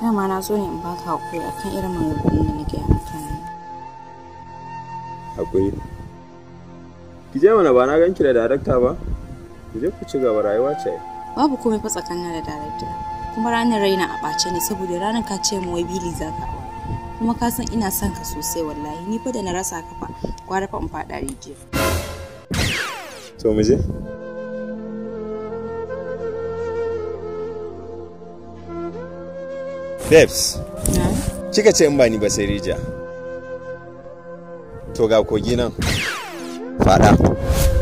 dama na zo ne in baka hakuri akan irin maganganun da nake mutane hakuri ki je mana ba na ganki da darakta ba ki je ku ci gaba rayuwa ce babu komai fa tsakanin da darakta kuma ranar raina a ɓace ne saboda ranar ka ce mu wai bili za ka kuma ka san ina son ka sosai wallahi ni fa da na rasa ka fa gwara fa in faɗa rijiya to mu je babes kika ce in ba ni ba sai rija to ga kogi nan fada